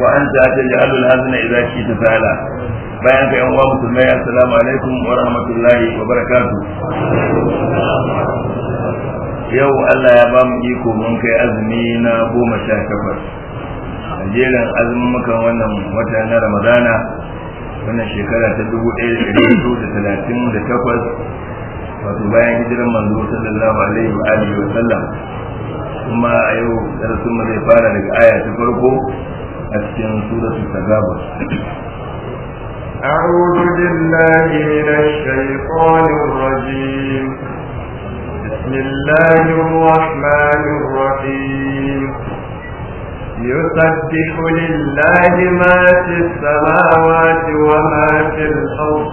wa anta taj'al al idza idha ta sala bayan ga yan uwa musulmai assalamu alaikum wa rahmatullahi wa barakatuh yau Allah ya ba mu iko mun kai azumi na goma sha takwas a jerin muka wannan wata na ramadana wannan shekara ta dubu ɗaya da ɗari da talatin da takwas wato bayan hijiran manzo sallallahu alaihi wa alihi wa sallam kuma a yau darasin mu zai fara daga aya ta farko أتكين سورة التكابر أعوذ بالله من الشيطان الرجيم بسم الله الرحمن الرحيم يسبح لله ما في السماوات وما في الأرض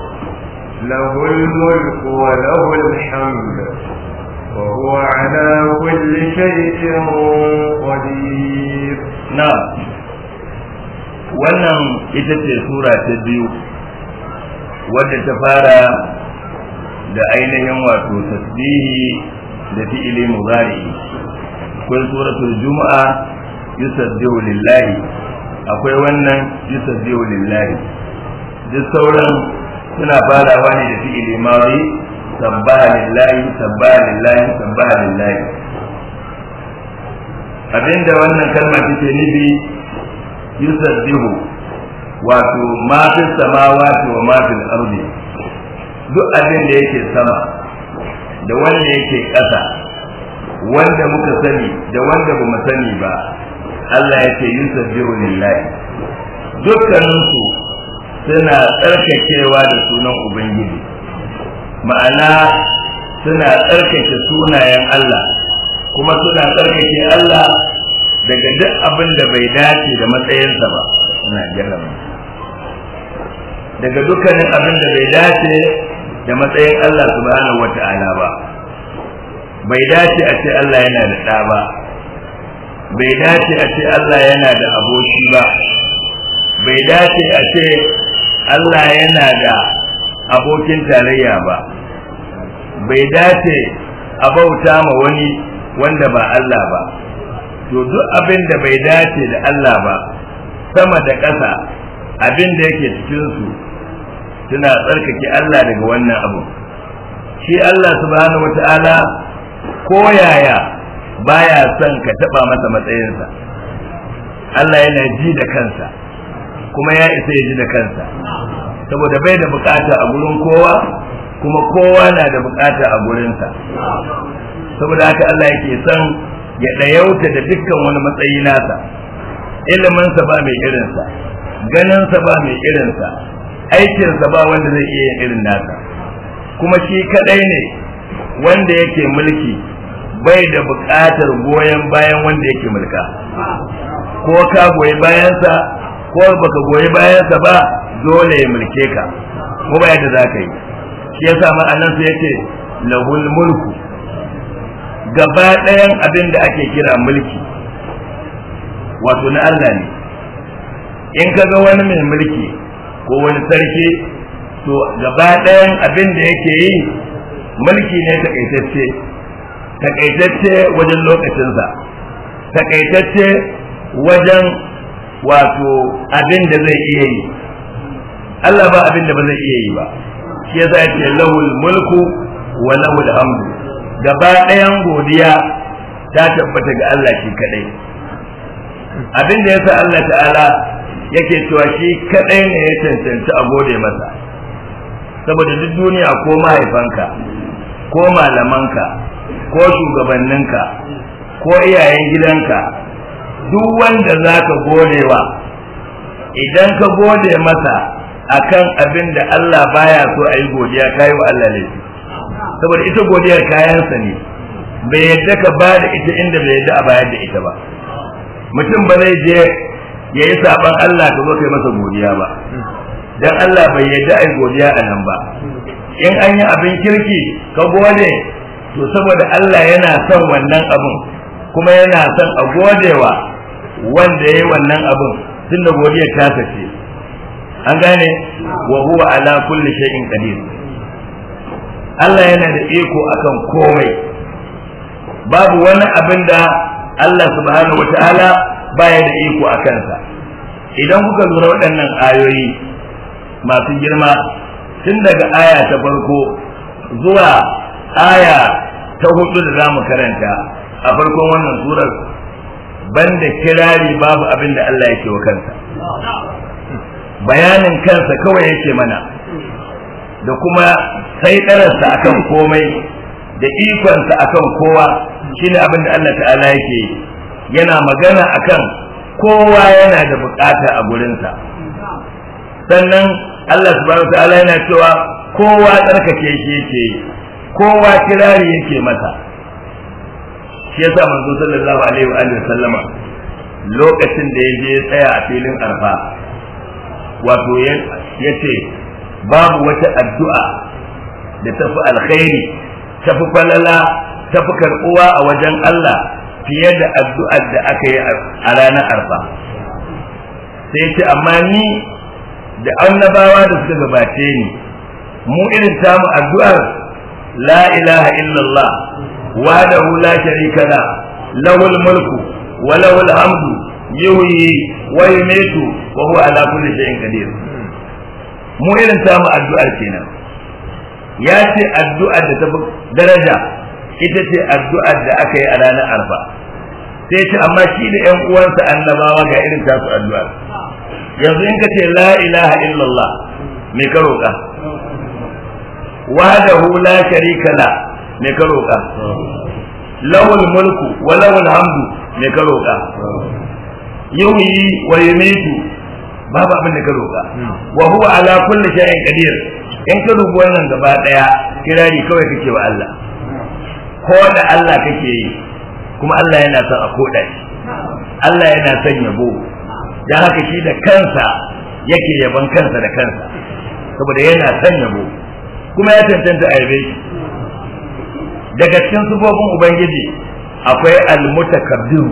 له الملك وله الحمد وهو على كل شيء قدير نعم wannan ita ce sura ta biyu wadda ta fara da ainihin wato tasbihi da fi'ili muzari akwai suratul juma'a yusabbihu lillahi akwai wannan yusabbihu lillahi duk sauran suna fara ne da fi'ili mawari sabbaha lillahi sabbaha lillahi sabbaha lillahi abinda wannan kalma take nufi yusabbihu wato ma fi samawati wa ma fi ardi duk abin da yake sama da wanda yake ƙasa wanda muka sani da wanda bamu sani ba Allah yake yusabbihu lillahi dukkaninsu suna tsarkakewa da sunan ubangiji ma'ana suna tsarkake sunayen Allah kuma suna tsarkake Allah daga duk abin da bai dace da matsayinsa ba ina jarraba daga dukkanin abin da bai dace da matsayin Allah subhanahu wata'ala ba bai dace a ce Allah yana da ɗa ba bai dace a ce Allah yana da aboki ba bai dace a ce Allah yana da abokin tarayya ba bai dace a bauta ma wani wanda ba Allah ba to duk abin da bai dace da Allah ba sama da ƙasa abin da yake cikin su suna tsarkake Allah daga wannan abu shi Allah subhanahu wata'ala ko yaya baya son ka taba masa matsayinsa Allah yana ji da kansa kuma ya isa ya ji da kansa saboda bai da bukata a gurin kowa kuma kowa na da bukata a gurinsa saboda haka Allah yake son ya ɗayauta da dukkan wani matsayi nasa iliminsa ba mai irinsa ganinsa ba mai irinsa aikinsa ba wanda zai iya yin irin nasa kuma shi kaɗai ne wanda yake mulki bai da buƙatar goyon bayan wanda yake mulka ko ka goyi bayansa ko baka goyi bayansa ba dole ya mulke ka ko ba yadda za ka yi shi yasa ma'anar sa yake lahul mulku gaba ɗayan abin da ake kira mulki wato na Allah ne in ka ga wani mai mulki ko wani sarki to gaba ɗayan abin da yake yi mulki ne takaitacce takaitacce wajen lokacinsa takaitacce wajen wato abin da zai iya yi Allah ba abin da ba zai iya yi ba shi yasa ya lahul mulku wa lahul hamdu gaba ɗayan godiya ta tabbata ga Allah shi kadai abin da yasa Allah ta'ala yake cewa shi kadai ne ya cancanci a gode masa saboda duk duniya ko mahaifanka ko malamanka ko shugabanninka ko iyayen gidanka duk wanda za ka godewa idan ka gode masa akan abin da Allah baya so a yi godiya kayi wa Allah laifi saboda ita godiyar kayansa ne bai yadda ka ba da ita inda bai yadda a bayar da ita ba mutum ba zai je ya yi saɓan Allah ka zo kai masa godiya ba dan Allah bai yadda a godiya a nan ba in an yi abin kirki ka gode to saboda Allah yana son wannan abin kuma yana son a godewa wanda ya yi wannan abin tunda godiyar ta sace an gane wa huwa ala kulli shay'in qadir Allah yana da iko akan komai babu wani abin da Allah subhanahu wata'ala baya da iko a kansa idan kuka lura waɗannan ayoyi masu girma tun daga aya ta farko zuwa aya ta hudu da za mu karanta a farkon wannan surar banda kirari babu abin da Allah yake wa kansa bayanin kansa kawai yake mana da kuma sai dararsa akan komai da ikonsa akan kowa ne abin da Allah ta'ala yake yana magana akan kowa yana da bukata a gurinsa sannan Allah subhanahu ta'ala yana cewa kowa tsarkake shi yake kowa kirari yake mata shi yasa manzo sallallahu alaihi wa alihi sallama lokacin da ya je tsaya a filin arfa wato ya ce babu wata addu'a da tafi alkhairi tafi falala tafi karbuwa a wajen Allah fiye da addu'ar da aka yi a ranar arfa sai ce amma ni da annabawa da suka gabace ni mu irin tamu addu'ar la ilaha illallah wahdahu la sharika la lahul mulku wa lahul hamdu yuhyi wa yumitu wa huwa ala kulli shay'in qadir mu irin tamu addu'ar kenan ya ce addu'a da ta daraja ita ce addu'a da aka yi a ranar arfa sai ce amma shi da yan uwansa annabawa ga irin tasu addu'a yanzu in ka ce la ilaha illallah me ka roƙa wahdahu la sharika la me ka roƙa lahul mulku wa lahul hamdu me ka roƙa yuhyi wa yumitu babu abin da ka roƙa wa huwa ala kulli shay'in qadir in ka dubu wannan gaba daya kirari kawai kake wa Allah ko da Allah kake yi kuma Allah yana son a koda shi Allah yana son yabo dan haka shi da kansa yake yaban kansa da kansa saboda yana son yabo kuma ya tantance a yabe shi daga cikin sufofin ubangiji akwai al-mutakabbir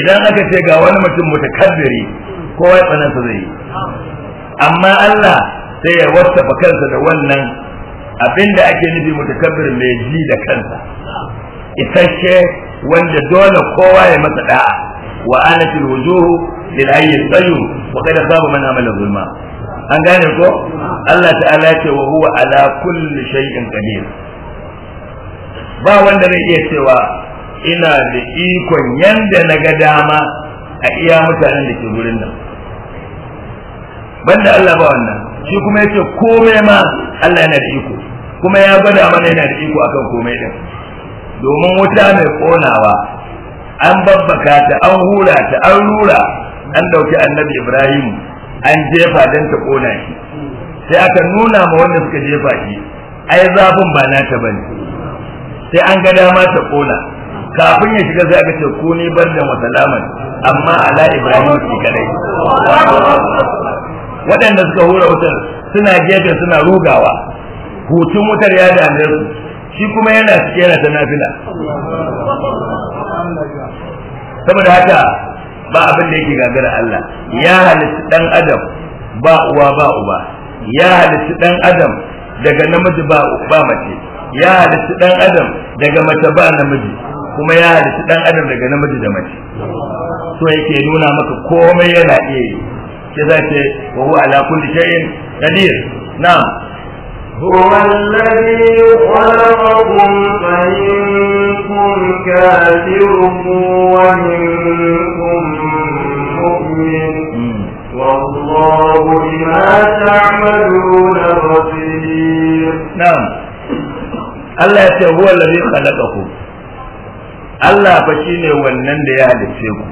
idan aka ce ga wani mutum mutakabbiri kowa ya tsananta zai yi amma Allah sai ya wasafa kansa da wannan abinda ake nufi mutakabbir mai ji da kansa isasshe wanda dole kowa ya masa da'a wa anatil wujuhu lil hayy qayyum wa qad khaba man amala zulma an gane ko Allah ta'ala ce wa huwa ala kulli shay'in qadir ba wanda zai iya cewa ina da ikon yanda na ga dama a iya mutanen da ke gurin nan banda Allah ba wannan shi kuma yace komai ma Allah yana da iko kuma ya gwada mana yana da iko akan komai din domin wuta mai konawa an babbaka ta an hura ta an rura an dauki annabi Ibrahim an jefa dan ta kona shi sai aka nuna ma wanda suka jefa shi ai zafin ba ta bane sai an ga dama ta kona kafin ya shiga sai aka ce ko ni bar da masalaman amma ala ibrahim ki kadai waɗanda suka hura wutar suna gefe suna rugawa hutun wutar ya dame su shi kuma yana cike yana ta nafila saboda haka ba abin da yake gagara Allah ya halitta dan adam ba uwa ba uba ya halitta dan adam daga namiji ba ba mace ya halitta dan adam daga mace ba namiji kuma ya halitta dan adam daga namiji da mace so yake nuna maka komai yana iya yi shi za ce wa huwa ala kulli shay'in qadir na'am هو الذي خلقكم فمنكم كافر ومنكم مؤمن والله بما تعملون بصير نعم الله يقول هو الذي خلقكم Allah fa shine wannan da ya halice ku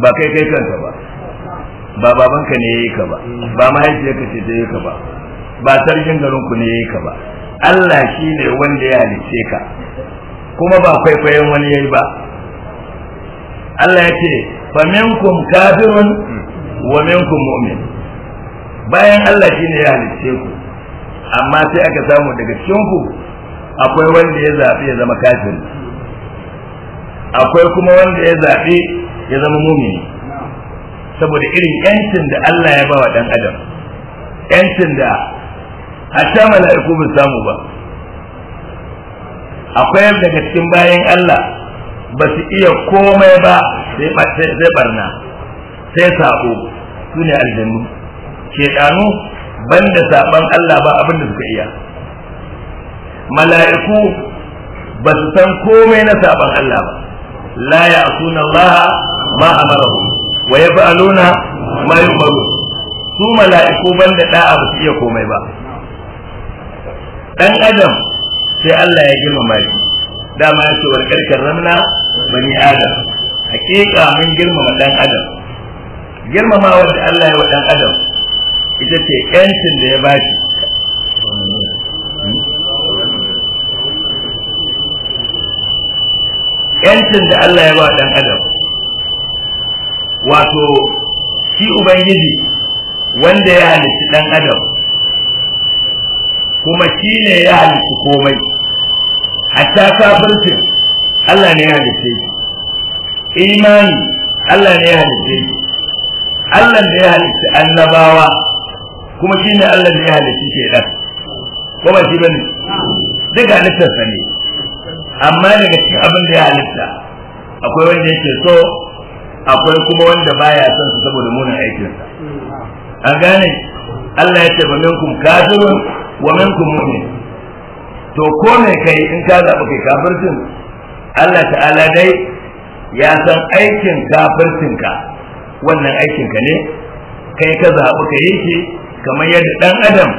ba kai kai kanka ba ba babanka ne yayi ka ba ba mahaifiyarka ce ta yi ka ba ba sarkin garinku ne yayi ka ba Allah shi ne wanda ya halice ka kuma ba kwaikwayon wani yayi ba Allah ya ce fa minkum kafirun wa minkum mu'min bayan Allah shi ne ya halice ku amma sai aka samu daga cikin ku akwai wanda ya zaɓi ya zama kafiri akwai kuma wanda ya zaɓi ya zama mumini saboda irin yancin da Allah ya ba wa dan adam yancin da hatta mala'iku ba samu ba akwai daga cikin bayan Allah ba su iya komai ba sai barna sai sabo su ne aljannu ban banda saban Allah ba abin da suka iya mala'iku ba su san komai na saban Allah ba la ya'suna Allah ma amarahu wa ya yaf'aluna ma maru, su mala'iku banda da'a ba su iya komai ba Ɗan adam sai Allah ya girmama shi dama ya ce warkar karramna bani adam hakika mun girmama ɗan adam girmamawar da Allah ya wa ɗan adam ita ce yancin da ya ba shi. yancin da Allah ya ba ɗan adam wato shi ubangiji wanda ya halitta dan adam kuma shi ne ya halitta komai hatta kafircin Allah ne ya halitta shi imani Allah ne ya halitta shi Allah da ya halitta annabawa kuma shi ne Allah da ya halitta shaidan kuma shi bane duk halittarsa ne amma daga cikin abin da ya halitta akwai wanda yake so akwai kuma wanda baya son su saboda munin aikin sa an gane Allah ya ce minkum kafirun wa minkum mu'min to ko ne kai in ka zaba kai kafircin Allah ta'ala dai ya san aikin ka wannan aikinka ne kai ka zaɓi ka yi shi kamar yadda ɗan adam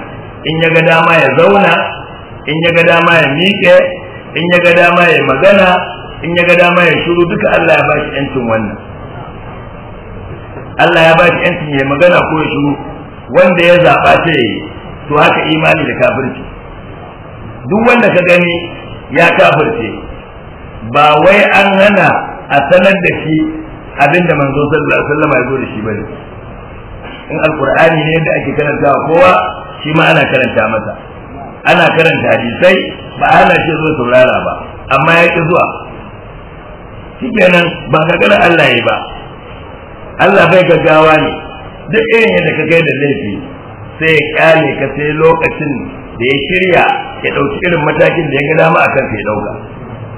in ya ga dama ya zauna in ya ga dama ya miƙe in ya ga dama ya magana in ya ga dama ya shiru duka Allah ya ba shi 'yancin wannan Allah ya ba shi yancin ya magana ko ya wanda ya zaɓa ta yi to haka imani da kafirci duk wanda ka gani ya kafirce ba wai an hana a sanar da shi abinda manzo sallallahu alaihi wasallam ya zo da shi bane in alqur'ani ne da ake karantawa kowa shi ma ana karanta masa ana karanta hadisai ba ana shi zo saurara ba amma ya ki zuwa shikenan ba ga Allah ya ba Allah bai gaggawa ne duk irin yadda ka da laifi sai ya kyale ka sai lokacin da ya shirya ya ɗauki irin matakin da ya ga dama a kan ya ɗauka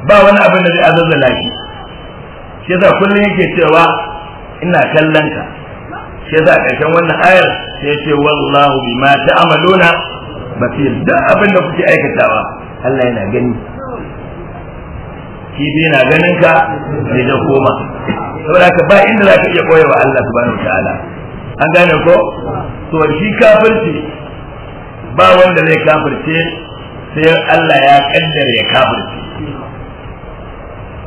ba wani abin da zai azazzala shi shi yasa kullum yake cewa ina kallon ka shi yasa ƙarshen wannan ayar sai ce wallahu bima ta'maluna basir duk abin da kuke aikatawa Allah yana gani kibi na ganin ka ne da koma saboda ka ba inda za ka iya koya wa Allah subhanahu ta'ala an gane ko to shi kafirci ba wanda zai kafirce sai Allah ya kaddara ya kafirce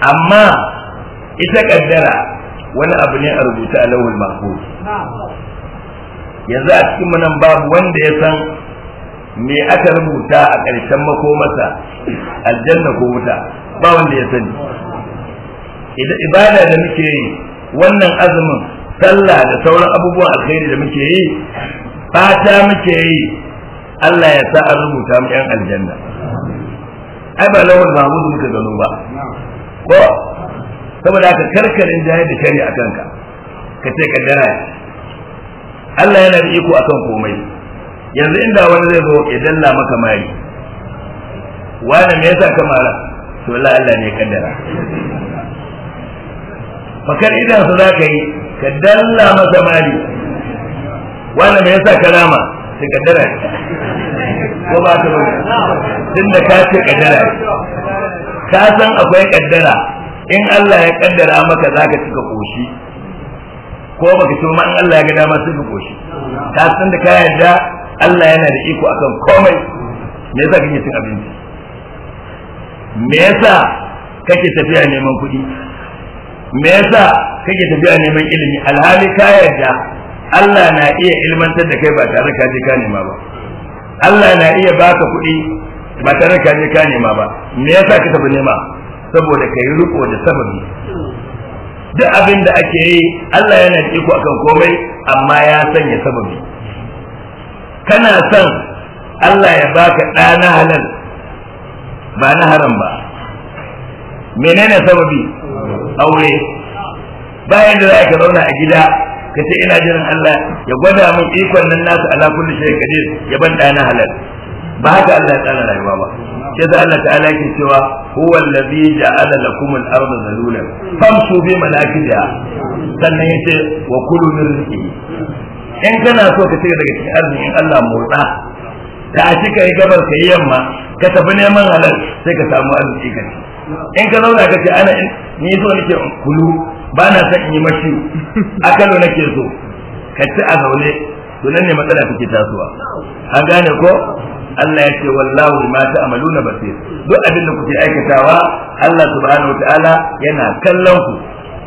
amma ita kaddara wani abu ne a rubuta a lawul mahfuz yanzu a cikin nan babu wanda ya san me aka rubuta a ƙarshen makomarsa aljanna ko wuta ba wanda ya sani idan ibada da muke yi wannan azumin sallah da sauran abubuwan alkhairi da muke yi fata muke yi Allah ya sa a rubuta mu yan aljanna ai ba lawan mahmud muka gano ba ko saboda ka karkarin jahil da shari'a kanka ka ce kaddara Allah yana da iko akan komai yanzu inda wani zai zo ya dalla maka mai wani me yasa ka mara to Allah Allah ne kaddara bakar idan su zaka yi ka dalla masa mali wannan me yasa kalama sai dara. ko ba ta ba da ka ce ka dara, ka san akwai kaddara in Allah ya kaddara maka zaka cika koshi ko baka ci ma in Allah ya ga dama sai ka koshi ka san da ka yarda Allah yana da iko akan komai me yasa kake cin abinci me yasa kake tafiya neman kuɗi me yasa kake tafiya neman ilimi alhali ka yarda Allah na iya ilmantar da kai ba tare ka je ka nema ba Allah na iya baka kuɗi ba tare ka je ka nema ba me yasa ka tafi nema saboda kai riko da sababi duk abin da ake yi Allah yana da iko akan komai amma ya sanya sababi kana son Allah ya baka ɗa na halal ba na haram ba menene sababi aure bayan da za ka zauna a gida ka ce ina jiran Allah ya gwada min ikon nan nasu ala kulli shay kadir ya ban na halal ba haka Allah ya tsara rayuwa ba sai da Allah ta'ala ke cewa huwa allazi ja'ala lakum al-ardha zalulan famshu bi malakiha sannan yace wa kulu min rizqihi in kana so ka cika daga cikin arzikin Allah motsa ka a cika gabar ka yi yamma ka tafi neman halal sai ka samu arziki ka ci in ka zauna ka ce ana ni so nake kulu ba na son in yi mashi akalo nake so ka ci a zaune to nan ne matsala take tasowa an gane ko Allah ya ce wallahu ma ta'maluna basir duk abin da kuke aikatawa Allah subhanahu wataala yana kallon ku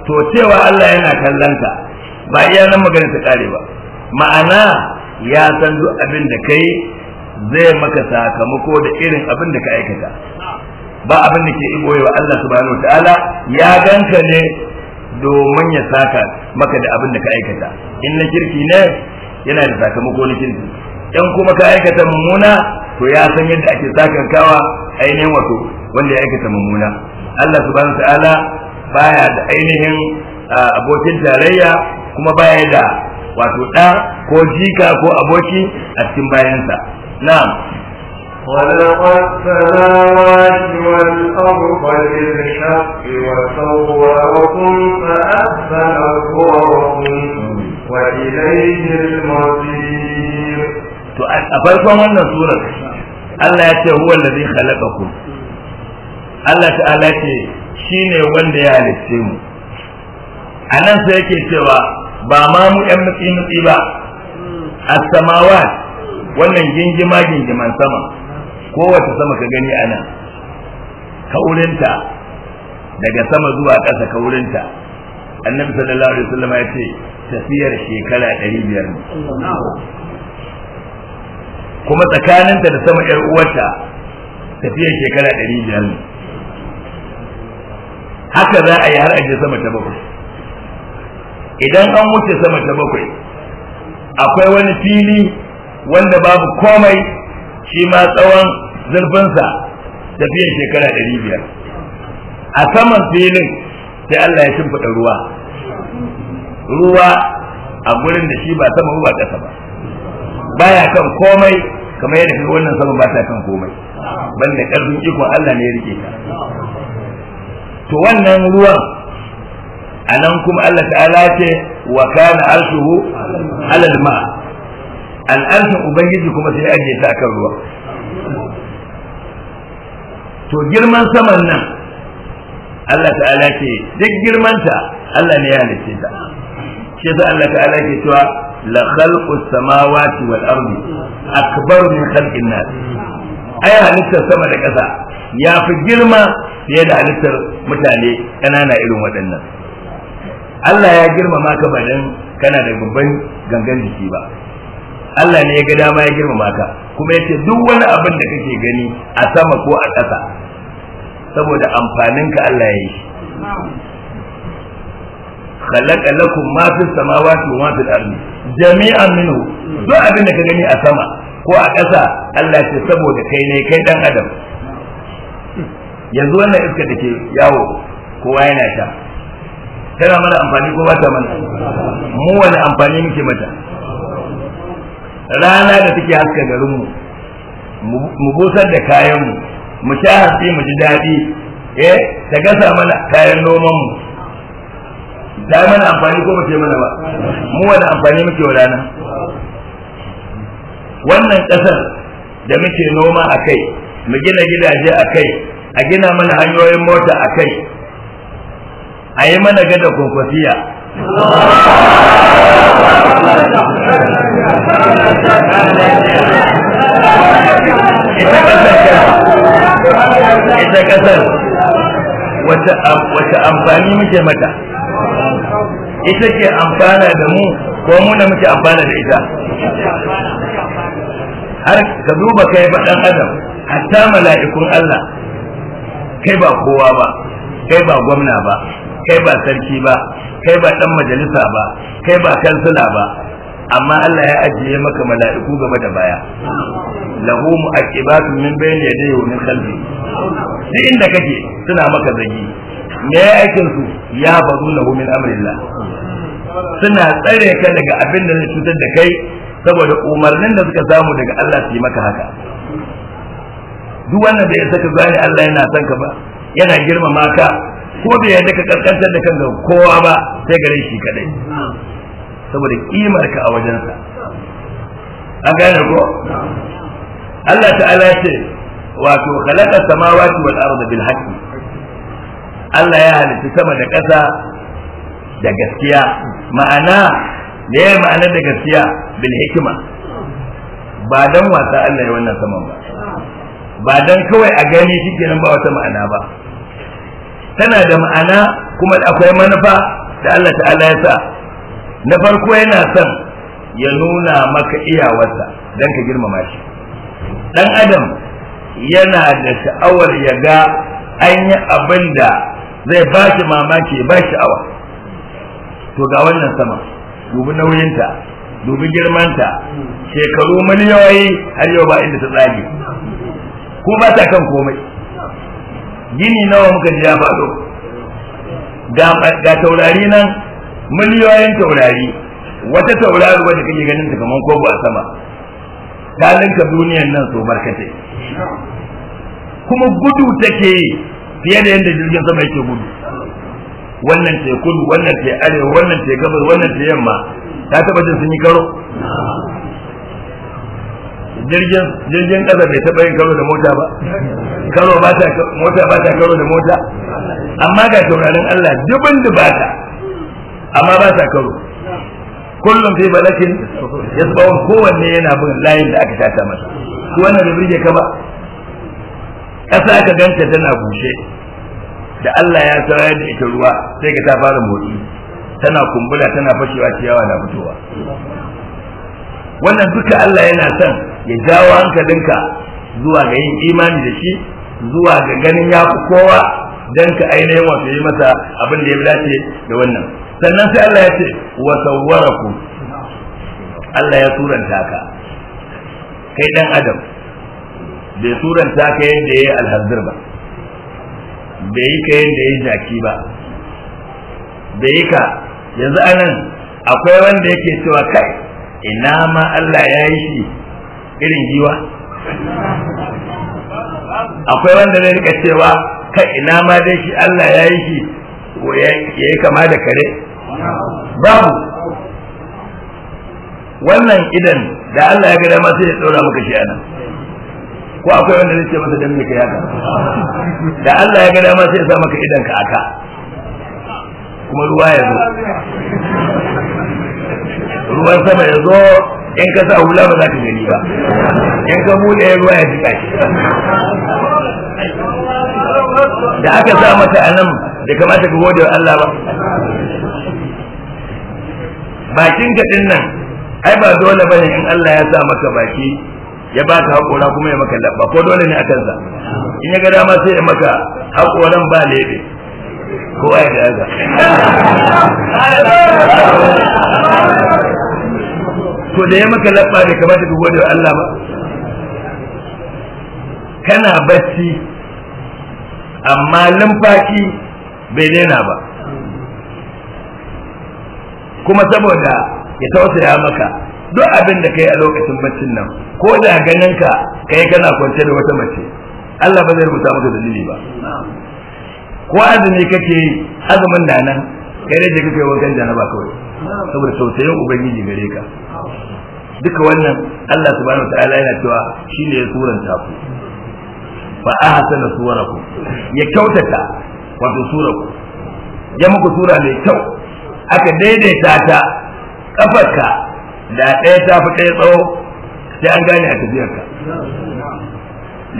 to cewa Allah yana kallon ka ba iya nan magana ta kare ba ma'ana ya san duk abin da kai zai maka sakamako da irin abin da ka aikata ba abin da ke igoye wa Allah subhanahu ta'ala ya ganka ne domin ya saka maka da abin da ka aikata in na kirki ne yana da sakamako na kirki in kuma ka aikata mummuna to ya san yadda ake sakankawa ainihin wato wanda ya aikata mummuna Allah subhanahu ta'ala baya da ainihin abokin tarayya kuma baya da wato ɗa ko jika ko aboki a cikin bayansa na'am خلق السماوات والأرض بالحق وصوركم فأحسن صوركم وإليه المصير to a farkon wannan surar Allah ya ce huwa allazi ku. Allah ta'ala ce shi ne wanda ya halitte mu nan sai yake cewa ba ma mu ɗan mutsi mutsi ba a samawa wannan gingima gingiman sama kowace sama ka gani a nan kaurinta daga sama zuwa ƙasa kaurinta annabi sallallahu alaihi wasallam ya ce tafiyar shekara 500 ne kuma tsakaninta da sama yar uwarta tafiyar shekara 500 ne haka za a yi har aje sama ta bakwai idan an wuce sama ta bakwai akwai wani fili wanda babu komai shi ma tsawon zurfinsa tafiyan shekara ɗari biyar a saman filin sai Allah ya shimfiɗa ruwa ruwa a gurin da shi ba sama ruwa ƙasa ba baya kan komai kamar yadda kaga wannan sama ba ta kan komai banda ƙarfin ikon Allah ne ya rike ka to wannan ruwan a nan kuma Allah ta'ala ce wa kana arshuhu alal ma al'arshin ubangiji kuma sai aje ta kan ruwa to girman saman nan Allah ta'ala ce duk girmanta Allah ne ya halice ta shi yasa Allah ta'ala ke cewa la khalqu samawati wal ardi akbar min khalqin nas Aya halittar sama da kasa ya fi girma fiye da halittar mutane ƙanana irin waɗannan Allah ya girmama ka badan kana da babban gangan jiki ba Allah ne ya ga dama ya girmama ka kuma yace duk wani abin da kake gani a sama ko a ƙasa saboda amfanin ka Allah ya yi khalaqa lakum ma fi samawati wa ma fil ardi jami'an minhu duk abin da ka gani a sama ko a ƙasa Allah ce saboda kai ne kai dan adam yanzu wannan iska da ke yawo kowa yana ta. tana mana amfani ko ba ta mana mu wani amfani muke mata rana da take haska garinmu mu busar da kayanmu mu sha hatsi mu ji daɗi eh ta gasa mana kayan noman mu da mana amfani ko mu mana ba mu wani amfani muke wa wannan ƙasar da muke noma a kai mu gina gidaje a kai a gina mana hanyoyin mota a kai a yi mana gada kokofiya ita ƙasar ita kasar wata amfani muke mata ita ke amfana da mu ko mu da muke amfana da ita har ka duba kai ba dan adam hatta mala'ikun Allah kai ba kowa ba kai ba gwamna ba kai ba sarki ba kai ba dan majalisa ba kai ba kansula ba amma Allah ya ajiye maka mala'iku gaba da baya lahu mu'aqibat min bayni yadayhi wa min khalfi duk inda kake suna maka zagi me ya aikin su ya bazu lahu min amrillah suna tsare ka daga abin da zai cutar da kai saboda umarnin da suka samu daga Allah su yi maka haka duk wannan da ya saka zai Allah yana son ka ba yana girmama ka ko bai yadda ka karkantar da kanka kowa ba sai gare shi kadai saboda kimar ka a wajensa an gane ko Allah ta'ala ce wato khalaqa samawati wal arda bil haqq Allah ya halitta sama da ƙasa da gaskiya ma'ana da ya ma'ana da gaskiya bil hikma ba dan wasa Allah ya wannan saman ba ba dan kawai a gani nan ba wata ma'ana ba tana da ma'ana kuma akwai manufa da Allah ta'ala ya sa na farko yana son ya nuna maka iyawarsa don ka girmama shi dan adam yana da sha'awar ya ga an yi abin da zai ba shi mamaki ba sha'awa to ga wannan sama dubi nauyinta dubi girmanta shekaru miliyoyi har yau ba inda ta tsage ko ba ta kan komai gini nawa muka ji ya faɗo ga taurari nan miliyoyin taurari wata taurari wadda kake ganin ta kamar kobo a sama galinka duniyan nan so barkatai kuma gudu take fiye da yadda jirgin sama yake gudu wannan ce kudu wannan ce arewa wannan ce gabar wannan ce yamma ta taba jin sun yi karo jirgin jirgin kasa bai taba yin karo da mota ba karo ba ta mota ba ta karo da mota amma ga taurarin Allah dubin dubata amma ba ta karo kullum fi balakin ya kowanne yana bin layin da aka tata masa shi wannan da birge ka kasa ka ganta tana bushe da Allah ya sarayar da ita ruwa sai ka ta fara motsi tana kumbula tana fashewa ciyawa na fitowa wannan duka Allah yana son ya jawo hankalinka zuwa ga yin imani da shi zuwa ga ganin ya kowa don ka ainihin wasu yi masa abin da ya dace da wannan sannan sai Allah ya ce wa sawwarakum Allah ya turanta ka kai dan adam bai turanta ka yadda yayi alhazir ba bai yi ka yadda yayi jaki ba bai yi ka yanzu anan akwai wanda yake cewa kai ina ma Allah ya yi shi irin jiwa akwai wanda zai rika cewa kai ina ma dai shi Allah ya yi shi ya yi kama da kare babu wannan idan da Allah ya gada masu sai ya tsora maka shi anan ko akwai wanda zai ce masa dan me ka yaka da Allah ya gada masu sai ya sa maka idan ka aka kuma ruwa ya zo ruwan sama ya zo in ka sa hula ba za ka gani ba in ka bude ruwa ya jika shi da aka sa mata anan da kamata ka gode wa Allah ba bakin ka din nan ai ba dole bane in Allah ya sa maka baki ya baka hakora kuma ya maka labba ko dole ne akan sa in ya ga dama sai ya maka hakoran ba lebe ko ai da haka ko da ya maka labba bai kamata ka gode wa Allah ba kana bacci amma numfashi bai daina ba kuma saboda ya tausaya maka duk abin da kai a lokacin baccin nan ko da ganin ka kai kana kwance da wata mace Allah ba zai rubuta maka dalili ba ko azumi kake azumin da nan kai da kake wankan janaba kawai saboda tausayin ubangiji gare ka duka wannan Allah subhanahu wataala yana cewa shine ya suranta ku fa ahsana suwarakum ya kyautata wato suraku ya muku sura mai kyau aka daidaita ta kafarka da ɗaya ta fi ɗaya tsawo sai an gane a tafiyarka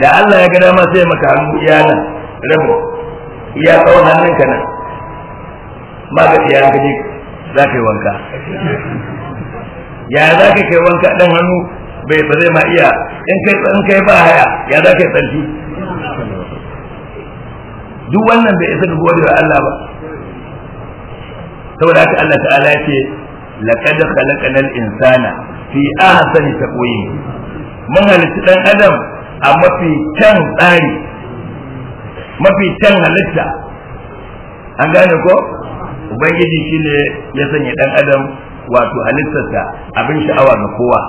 da Allah ya gada ma sai maka hannu iya nan rabu iya tsawon hannunka nan ba ka iya ka za ka yi wanka ya za ka kai wanka ɗan hannu bai ba zai ma iya in kai tsan kai ba haya ya za ka yi tsanti duk wannan bai isa ga gode wa Allah ba saboda haka Allah ta'ala ya ce laqad khalaqana al-insana fi ahsani taqwim mun halitta dan adam a mafi kyan tsari mafi kyan halitta an gane ko ubangiji shine ya sanya dan adam wato halittarsa abin sha'awa ga kowa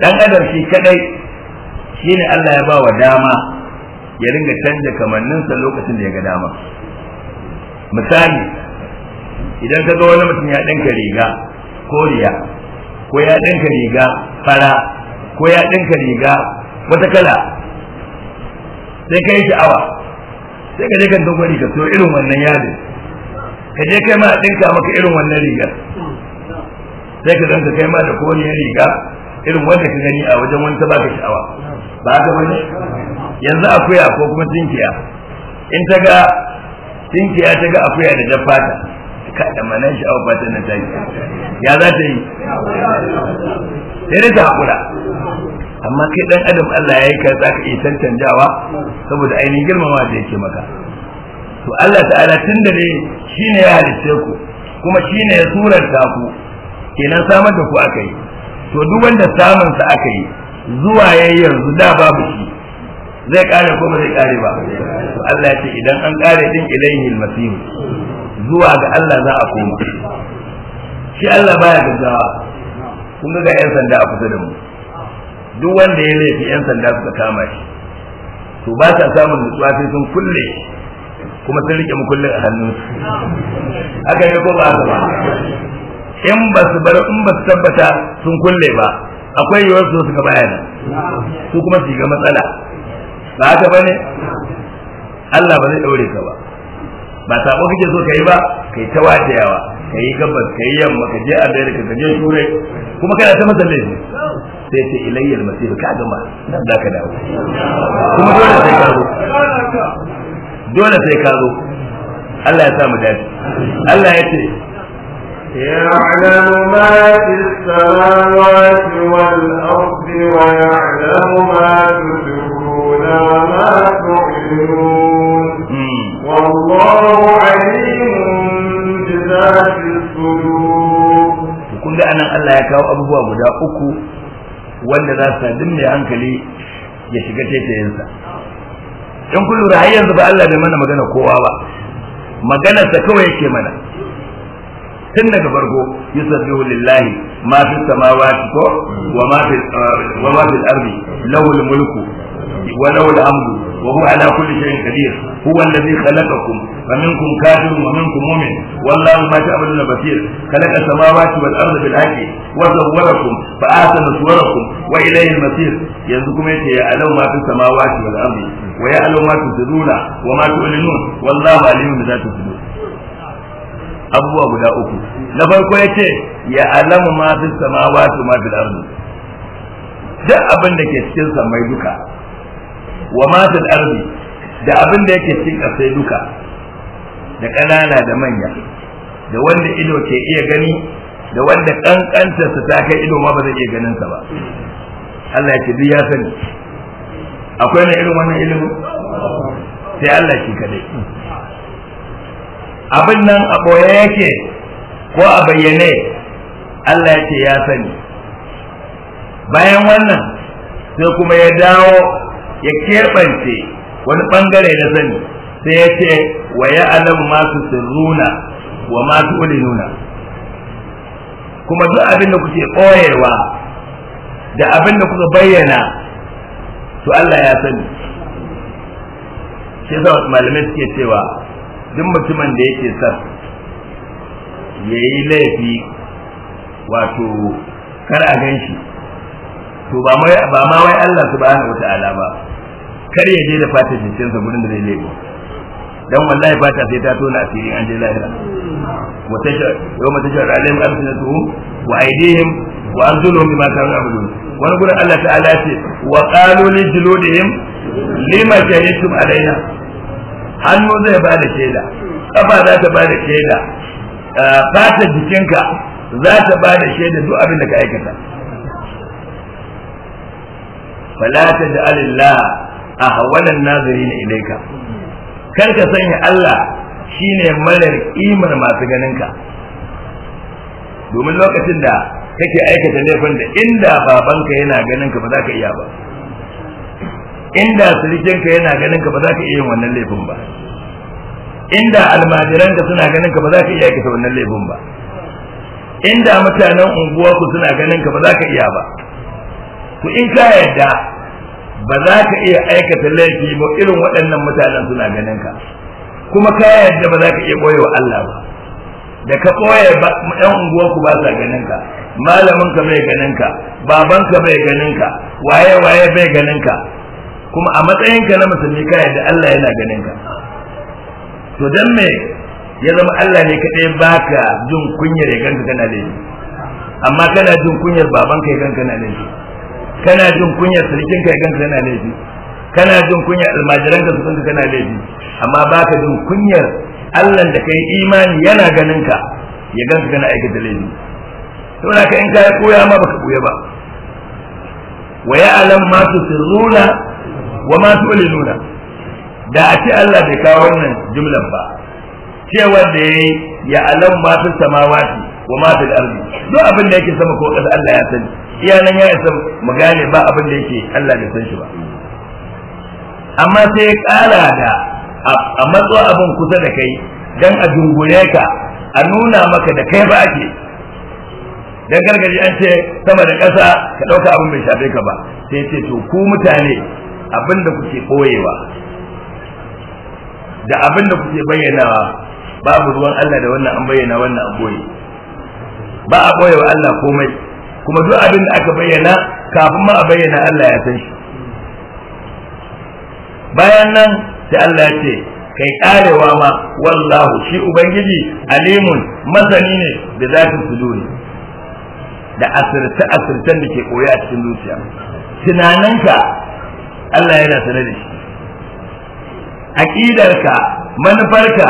dan adam shi kadai shine Allah ya ba wa dama ya ringa canja kamanninsa lokacin da ya ga dama misali idan ka ga wani mutum ya ɗinka riga koriya ko ya ɗinka riga fara ko ya ɗinka riga wata kala sai ka yi sha'awa sai ka je kan dogwari ka so irin wannan yadin ka je kai ma a ɗinka maka irin wannan riga, sai ka zanka kai ma da koriyar riga irin wanda ka gani a wajen wani ta baka sha'awa ba ka bane yanzu akuya ko kuma tinkiya in ta ga tinkiya ta ga akuya da jaffata kada mana sha'awa ta nan ya za ta yi sai ta hakura amma kai dan adam Allah ya yi ka za ka iya tantanjawa saboda ainihin girmama da yake maka to Allah ta'ala tun da ne shine ya halitta ku kuma shine ya surarta ku kenan samar da ku aka yi to duk wanda samun sa aka yi zuwa yi yanzu da babu shi zai kare ko ba zai kare ba Allah ya ce idan an kare din ilaihi almasih zuwa ga Allah za a koma shi Allah baya gaggawa kun ga yan sanda a kusa da mu duk wanda ya laifi yan sanda suka kama shi to ba sa samun nutsuwa sai sun kulle kuma sun rike mu kullun a hannunsu haka ne ko ba haka ba in ba su bar in ba su tabbata sun kulle ba akwai yiwuwar su suka bayana su kuma su ga matsala ba haka ba ne Allah ba zai ɗaure ka ba ba sabo kake so ka yi ba ka yi ta wajayawa ka yi gabas ka yi yamma ka je america ka je turai kuma kana ta masa laifi sai ce ilayyar masiru ka gama nan za ka dawo kuma dole sai ka zo dole sai ka zo Allah ya sa mu dace Allah ya ce يعلم ما في السماوات والأرض ويعلم ما تبدون ربنا ما تعلمون والله عليم بذات الصدور ga anan Allah ya kawo abubuwa guda uku wanda za su dinne hankali ya shiga taitayensa in kullum lura har yanzu ba Allah bai mana magana kowa ba magana sa kawai yake mana tun daga farko yusabbihu lillahi ma fi samawati ko wa ma fi wa ma ardi mulku وله الأمر وهو على كل شيء قدير هو الذي خلقكم فمنكم كافر ومنكم مؤمن والله ما تعملون بصير خلق السماوات والأرض بالحق وصوركم فأحسن صوركم وإليه المصير يرزقكم يعلم ما في السماوات والأرض ويعلم ما تسرون وما تعلنون والله عليم بذات الصدور abubuwa guda uku na farko ya ce ya alamu ma fi samawati ma fil ardi duk abin da ke cikin samai duka wa ma fil ardi da abin da yake cikin kasai duka da ƙanana da manya da wanda ido ke iya gani da wanda kankanta su ta kai ido ma ba zai iya ganin sa ba Allah ya ce duk ya sani akwai ne irin wannan ilimin sai Allah shi kadai abin nan a ɓoye yake ko a bayyane Allah ya ce ya sani bayan wannan sai kuma ya dawo ya keɓance wani bangare na sani sai ya ce wa ya alamu masu sirruna wa masu ulinuna kuma duk abin da kuke ɓoyewa da abin da kuka bayyana to Allah ya sani shi yasa malamai suke cewa duk mutumin da yake son ya yi laifi wato kar a gan shi to ba ma wai Allah subhanahu wata'ala ba kar ya je da fata jikinsa gurin da zai lego dan wallahi fata sai ta tona asiri an je lahira yawma tashar alim alsinatuhum wa aydihim wa arjuluhum bima kanu ya'malun wani gurin Allah ta'ala ya ce wa qalu li juludihim lima shahidtum alaina hannu zai ba da shaida kafa za ta ba da shaida fata jikinka za ta ba da shaida duk abin da ka aikata fala taj'alillah a nazirin nazari ilaika kar ka sanya Allah shine marar imar masu ganin ka domin lokacin da kake aikata laifin da inda babanka yana ganin ka ba za ka iya ba inda ka yana ganin ka ba za ka iya yin wannan laifin ba inda almajiran ka suna ganin ka ba za ka iya aikata wannan laifin ba inda mutanen unguwarku suna ganin ka ba za ka iya ba ku in ka yarda ba za ka iya aikata laifi ba irin waɗannan mutanen suna ganin ka kuma ka yadda ba za ka iya ɓoye wa Allah ba da ka ɓoye ɗan unguwarku ba sa ganin ka malamin ka bai ganin ka baban ka bai ganin ka waye waye bai ganin ka kuma a matsayin ka na musulmi ka yadda Allah yana ganin ka to dan me ya zama Allah ne kaɗai baka jin kunyar ya ganka kana laifi amma kana jin kunyar baban ka ya ganka kana laifi kana jin kunyar sarkin kai kanka kana laifi kana jin kunyar almajiran ka su kana laifi amma baka jin kunyar Allah da kai imani yana ganin ka ya ganka kana aikata laifi na ka in ka koya ma baka koya ba wa ya'lam ma tusirruna wa ma tu'linuna da a ce Allah bai kawo wannan jumlan ba cewa da ya alam ma fi samawati wa ma fil ardi Do abin da yake sama ko kasa Allah ya sani iyanan ya san mu gane ba abin da yake Allah bai san shi ba amma sai ya kara da a matso abin kusa da kai dan a dungure ka a nuna maka da kai ba ake dan gargaji an ce sama da ƙasa ka ɗauka abin bai shafe ka ba sai ce to ku mutane abin da kuke ɓoyewa da abin da kuke bayyanawa babu ruwan Allah da wannan an bayyana wannan an boye ba a koya wa Allah komai kuma duk abin da aka bayyana kafin ma a bayyana Allah ya san shi bayan nan sai Allah ya ce kai karewa ma wallahu shi ubangiji alimun masani ne da zati suduri da asirce asircen da ke koya a cikin zuciya tunaninka Allah yana sanar da shi manufarka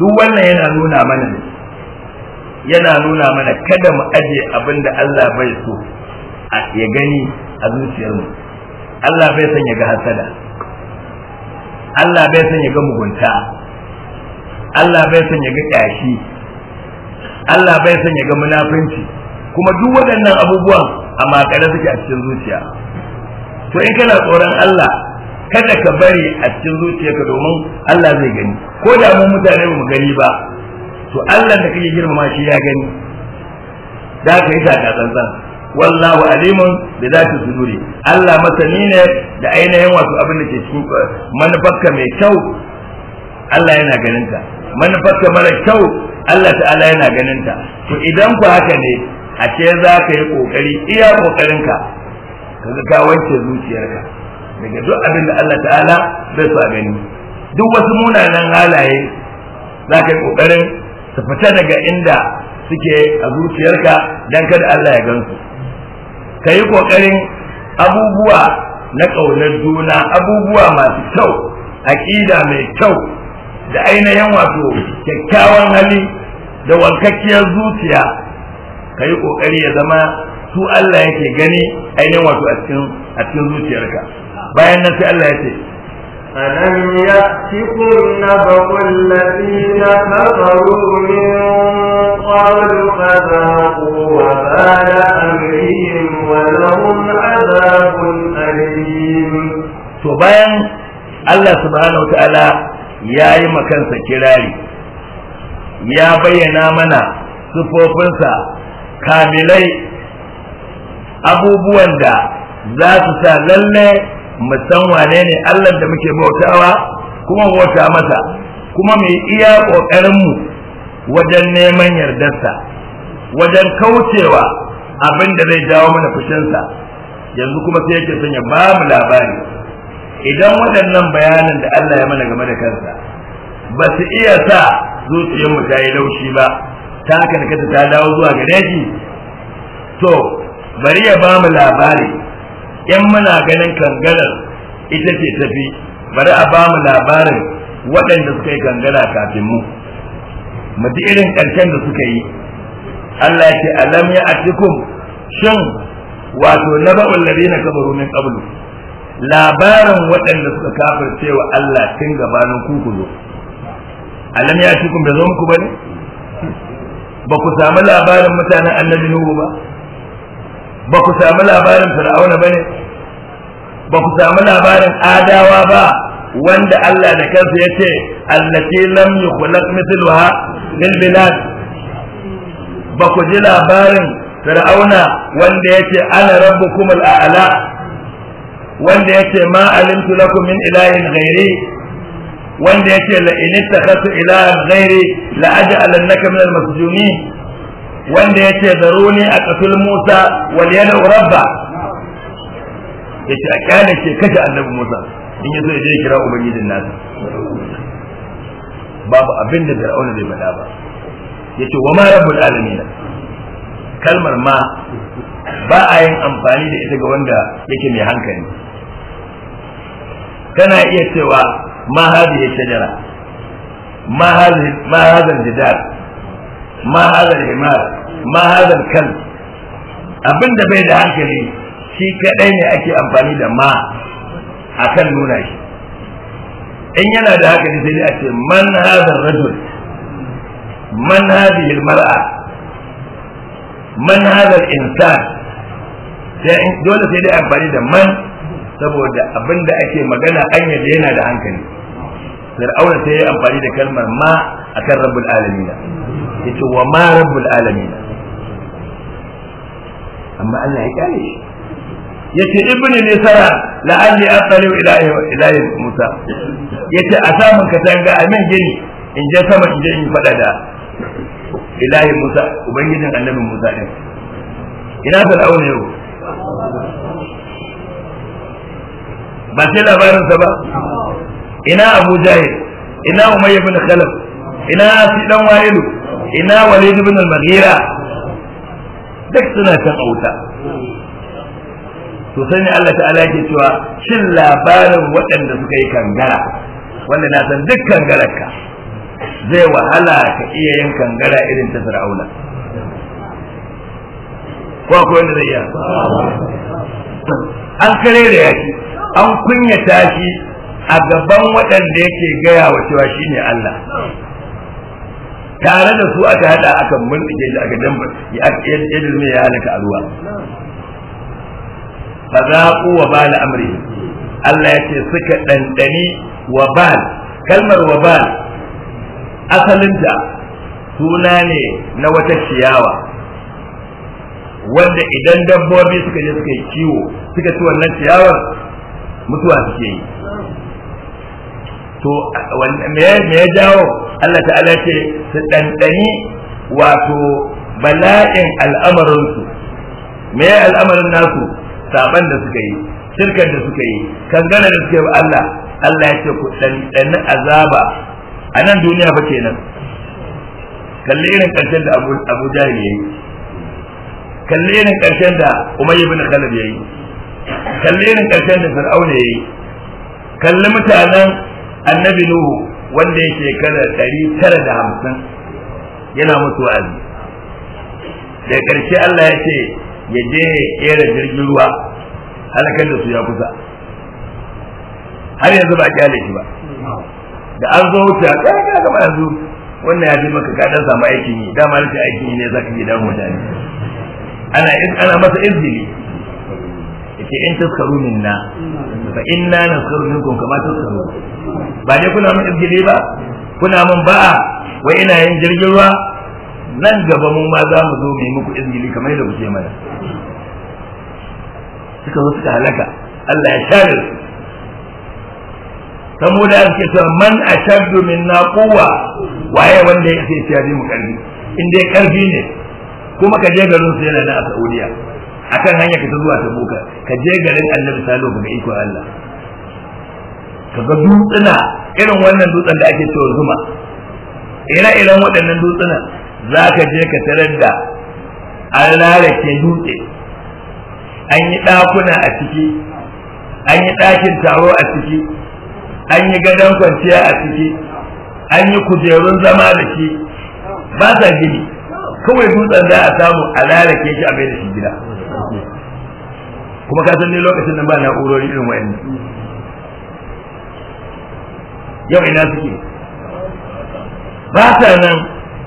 duk wannan yana nuna mana ne yana nuna mana kada mu aje abin da Allah bai so ya gani a zuciyarmu Allah bai son ya ga hasada Allah bai son ya ga mugunta Allah bai son ya ga ƙyashi Allah bai son ya ga munafunci kuma duk waɗannan abubuwan a makare suke a cikin zuciya to in kana tsoron Allah kada ka bari a cikin zuciyarka domin Allah zai gani ko da mu mutane mu gani ba to Allah da kake girmama shi ya gani da ka yi taka tsantsan wallahu alimun bi zati suduri Allah masani ne da ainihin wasu abin da ke cikin eh, manufarka mai kyau Allah yana ganin ta manufarka mara kyau Allah ta'ala yana ganin ta to idan ku haka ne a ce za ka yi kokari iya kokarinka kaga ka wanke zuciyarka daga duk abin da Allah ta'ala bai so a gani duk wasu munanan halaye za ka yi kokarin su fita daga inda suke a zuciyarka don kada Allah ya gansu ka yi ƙoƙarin abubuwa na ƙaunar juna abubuwa masu kyau aƙida mai kyau da ainihin wato kyakkyawan hali da wankakkiyar zuciya ka yi kokari ya zama su Allah yake gani ainihin wato a cikin zuciyarka bayan nan sai Allah ya ce فلم يأتكم نبأ الذين كفروا من قبل فذاقوا وبال أمرهم ولهم عذاب أليم تبين الله سبحانه وتعالى ya yi سكراري يا بينا منا mana sufofinsa kamilai abubuwan da za su sa lalle mu san wane ne Allah da muke bautawa kuma bauta masa kuma mu iya kokarin mu wajen neman yardarsa wajen kaucewa abin da zai jawo mana fushinsa yanzu kuma sai yake sanya ya ba mu labari idan waɗannan bayanan da Allah ya mana game da kansa ba su iya sa zuciyarmu ta yi laushi ba ta karkata ta dawo zuwa gare shi to bari ya ba mu labari in muna ganin kangarar ita ce tafi bari a ba mu labarin waɗanda suka yi kangara kafin mu mu ji irin ƙarshen da suka yi Allah ya ce alam ya atikum shin wato naba'ul ladina kabaru min qablu labarin waɗanda suka kafirce cewa Allah tun gabanin ku ku zo alam ya atikum bai zo muku bane ba ku samu labarin mutanen annabi nuhu ba ba ku samu labarin fir'auna ba ne ba ku labarin adawa ba wanda Allah da kansa ya ce allati lam yukhlaq mithluha lil bilad ba ku ji labarin fir'auna wanda ya ce ana rabbukum al'ala wanda ya ce ma alimtu lakum min ilahin ghairi wanda ya ce la in ittakhadtu ilahan ghairi la aj'alannaka min al wanda ya ce zaruni a ƙasul musa wal yana rabba ya ce a kyale ce kashe annabi musa in ya zo ya je kira ubangijin nasa babu abin da fir'auna bai faɗa ba ya ce wa ma rabbul alamin kalmar ma ba a yin amfani da ita ga wanda yake mai hankali kana iya cewa ma hadhihi shajara ma hadhihi ma hadha ma hazal himar ma hazal abin da bai da hankali shi kadai ne ake amfani da ma akan nuna shi in yana da hankali sai dai a ce man hazal rajul man hadhihi mar'a man hazal insan dole sai dai amfani da man saboda abin da ake magana an yadda yana da hankali fir'auna sai ya amfani da kalmar ma akan rabbul alamin yace wa ma rabbul alamin amma Allah ya kare shi yace ibni ne sara la'alli aqalu ilahi wa ilahi musa yace a samun katanga a min gini in je sama in je in fada da ilahi musa ubangijin annabi musa din ina fir'auna yau ba sai sa ba ina abu jahil ina umayya bin khalaf ina asidan dan wa'ilu ina wale ibn al maghira duk suna kan auta to sai ne Allah ta'ala yake cewa shin labarin waɗanda suka yi kangara wanda na san duk kangararka zai wahala ka iya yin kangara irin ta fir'auna ko akwai wanda zai an kare da yaki an kunyata shi a gaban waɗanda yake gaya wa cewa shine Allah tare da su aka hada aka murɗike shi aka damba ya zai ya halaka a ruwa fa zaqu wa bala amri Allah ya ce suka dandani wa bal kalmar wa bal asalinta suna ne na wata ciyawa wanda idan dabbobi suka je suka yi kiwo suka ci wannan ciyawar mutuwa suke yi to me ya jawo Allah ta'ala ce su ɗanɗani wato bala'in al'amarinsu me ya al'amarin nasu saban da suka yi shirkar da suka yi kangana da suke yi Allah Allah ya ce ku ɗanɗani azaba a nan duniya fa kenan kalli irin ƙarshen da Abu Jahil yi. kalli irin ƙarshen da Umayy ibn Khalid yi. kalli irin ƙarshen da Fir'auna yi. kalli mutanen annabi nuhu wanda yake shekara ɗari tara da hamsin yana mutu wa'azi da ƙarshe Allah ya ce ya je ƙera jirgin ruwa halakar da su ya kusa har yanzu ba a kyale shi ba da an zo wuce a kai gaba yanzu wannan ya fi maka kaɗan samu aikin yi dama rashin aikin yi ne za ka damu mutane ana masa izini ce in taskaru minna fa inna nasru minkum kama taskaru ba dai kuna mun ibgide ba kuna mun ba wai ina yin jirgin ruwa nan gaba mun ma za mu zo mu yi muku izgili kamar yadda kuke mana suka zo suka halaka Allah ya share su da suke cewa man ashaddu minna kowa, waye wanda yake cewa bi mu karfi in dai karfi ne kuma ka je garin su yana da a Saudiya akan hanya ka zuwa ta buka ka je garin annabi salo ka ga iko Allah ka ga dutsuna irin wannan dutsen da ake cewa zuma ina iren waɗannan dutsuna za ka je ka tarar da an lalace dutse an yi ɗakuna a ciki an yi ɗakin taro a ciki an yi gadon kwanciya a ciki an yi kujerun zama da shi ba sa gini kawai dutsen za a samu a lalace shi a bai da shi gida kuma ka san ne lokacin nan ba na'urori irin wayannan yau ina suke ba sa nan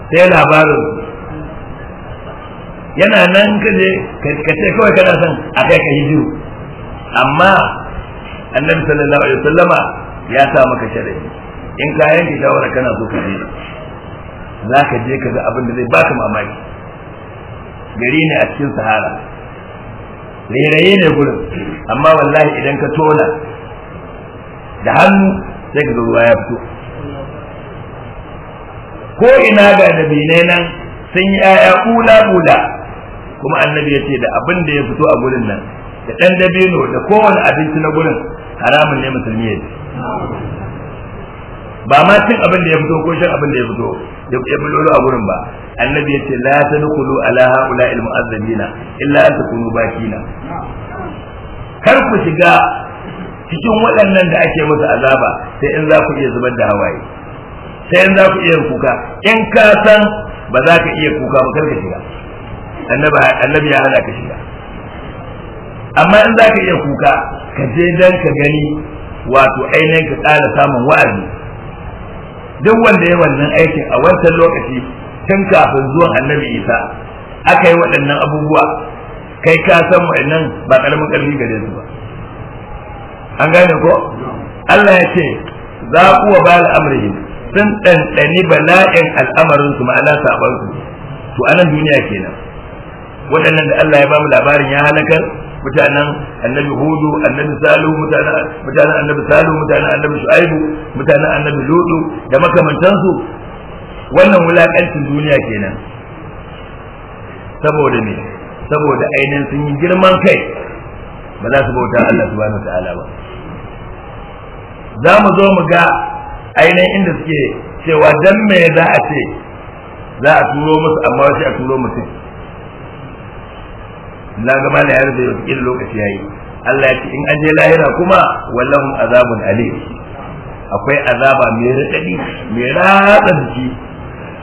sai labarin yana nan ka je, ka ce kawai kana son a kai ka hijiru amma annabi sallallahu alaihi wasallama ya sa maka shari'a in ka yanke shawara kana so ka je za ka je ka ga abin da zai baka mamaki gari ne a cikin sahara rairaye ne gurin amma wallahi idan ka tona da hannu sai ka ruwa ya fito ko ina ga dabinai nan sun yi aya kula kula kuma annabi ya ce da abin da ya fito a gurin nan da ɗan dabino da kowane abinci na gurin haramun ne musulmi ya ba ma cin abin da ya fito ko shan abin da ya fito ya bululu a gurin ba annabi yace la tadkhulu ala haula al mu'azzabina illa an takunu bakina kar ku shiga cikin waɗannan da ake musu azaba sai in za ku iya zubar da hawaye sai in za ku iya kuka in ka san ba za ka iya kuka ba kar ka shiga annabi ya hana ka shiga amma in za ka iya kuka ka je dan ka gani wato ainihin ka tsara samun wa'azi duk wanda ya wannan aikin a wancan lokaci tun kafin zuwan annabi isa aka yi waɗannan abubuwa kai ka san waɗannan ba ƙaramin ƙarfi gare su ba an gane ko Allah ya ce za kuwa ba al'amari sun ɗanɗani bala'in al'amarin su ma'ana sabon su to anan duniya kenan waɗannan da Allah ya ba mu labarin ya halakar mutanen annabi hudu annabi Salu, mutanen annabi Salu, mutanen annabi shu'aibu mutanen annabi lutu da makamantansu wannan wulakancin duniya kenan saboda ne saboda ainihin sun yi girman kai ba za su bauta Allah subhanahu wa ta'ala ba za mu zo mu ga ainihin inda suke cewa dan me za a ce za a turo musu amma shi a turo mutum na gaba da ya rufe wata kila lokaci ya yi. Allah ya ce in an je lahira kuma wallahum azabun alim akwai azaba mai radadi mai ratsa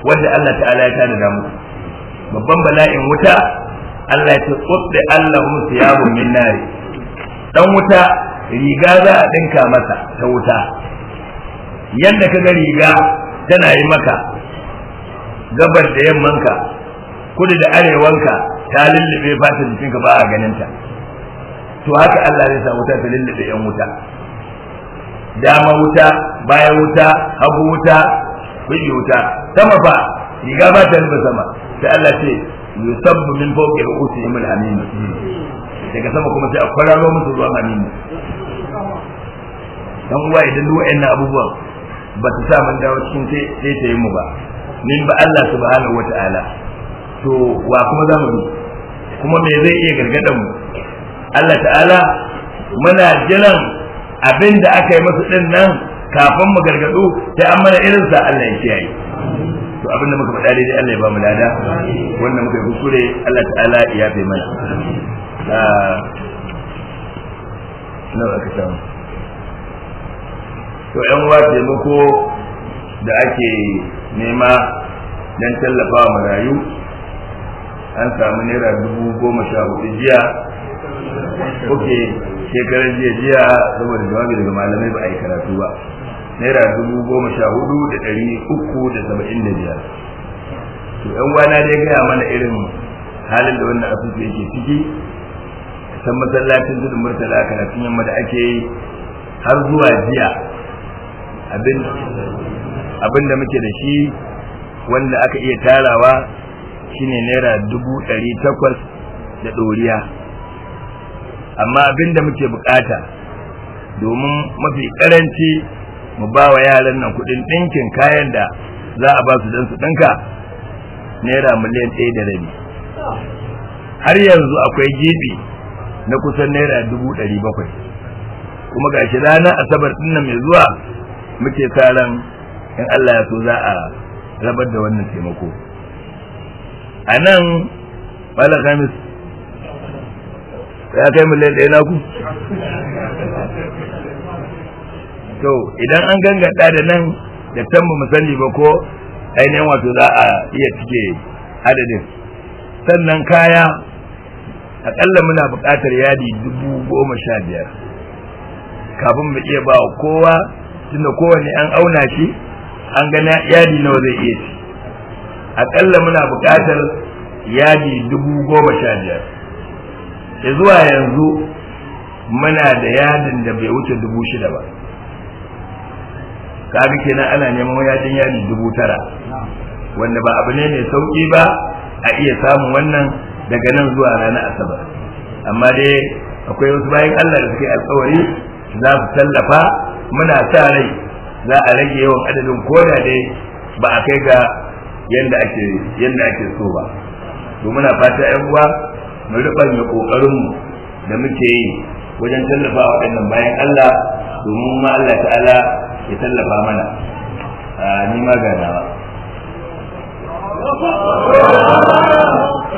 wanda Allah ta'ala ya tada da mu babban bala'in wuta Allah ya ce qudda mu thiyabun min nar dan wuta riga za a dinka masa ta wuta yadda ka ga riga tana yi maka gabar da yamman ka, kudu da arewanka ta lullube fata jikinka ba a ganin ta to haka Allah zai sa wuta ta lullube yan wuta dama wuta bayan wuta hagu wuta kuyi wuta sama fa riga ba ta rufe sama sai Allah ce yusabbu min fawqi ru'usihim al-hamim daga sama kuma sai a kwararo musu ruwan hamim dan uwa idan duk wayannan abubuwan ba ta sa mun dawo cikin sai sai ta yi mu ba min ba Allah subhanahu wata'ala to wa kuma zamu bi kuma me zai iya gargada mu Allah ta'ala muna jiran abin da aka yi musu din nan kafin mu gargadu sai an mana irin sa Allah ya kiyaye to abin da muka faɗa daidai Allah ya ba mu lada wannan muka yi kuskure Allah ta'ala ya bai mana ah, nawa aka samu to yan uwa taimako da ake nema don tallafa marayu an samu naira dubu goma sha hudu jiya oke shekarar jiya jiya saboda jawabi daga malamai ba a yi karatu ba naira dubu goma sha hudu da ɗari uku da saba'in da biyar to yan wana dai gaya mana irin halin da wannan asusu yake ciki san masallacin tudun murtala karatun yamma da ake yi har zuwa jiya abin da muke da shi wanda aka iya tarawa shine naira dubu ɗari takwas da ɗoriya amma abin da muke bukata domin mafi karanci mu ba wa yaran nan kuɗin ɗinkin kayan da za a ba su don su ɗinka naira miliyan ɗaya da rabi har yanzu akwai gibi na kusan naira dubu ɗari bakwai kuma ga shi ranar asabar ɗin nan mai zuwa muke sa ran in Allah ya so za a rabar da wannan taimako a nan malam kamis ya kai miliyan ɗaya na ku to idan an gangata da nan da can mu musalli ba ko ainihin wato za a iya cike adadin sannan kaya akalla muna buƙatar yadi dubu goma sha biyar kafin mu iya ba wa kowa tunda kowane an auna shi an gana yadi nawa zai iya ci akalla muna buƙatar yadi dubu goma sha biyar zuwa yanzu muna da yadin da bai wuce dubu shida ba kaga kenan ana neman yadin yadi dubu tara wanda ba abu ne mai sauƙi ba a iya samun wannan daga nan zuwa ranar asabar amma dai akwai wasu bayan allah da suke alkawari za su tallafa muna sa rai za a rage yawan adadin koda dai ba a kai ga yadda ake yadda ake so ba to muna fata 'yan uwa mu mu kokarin mu da muke yi wajen tallafa waɗannan bayan Allah domin ma Allah ta'ala ya tallafa mana a ah, ni ma ganawa